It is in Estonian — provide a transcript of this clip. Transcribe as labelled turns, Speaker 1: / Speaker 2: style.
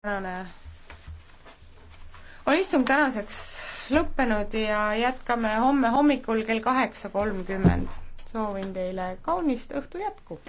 Speaker 1: tänane, on istung tänaseks lõppenud ja jätkame homme hommikul kell kaheksa kolmkümmend. soovin teile kaunist õhtu
Speaker 2: jätku!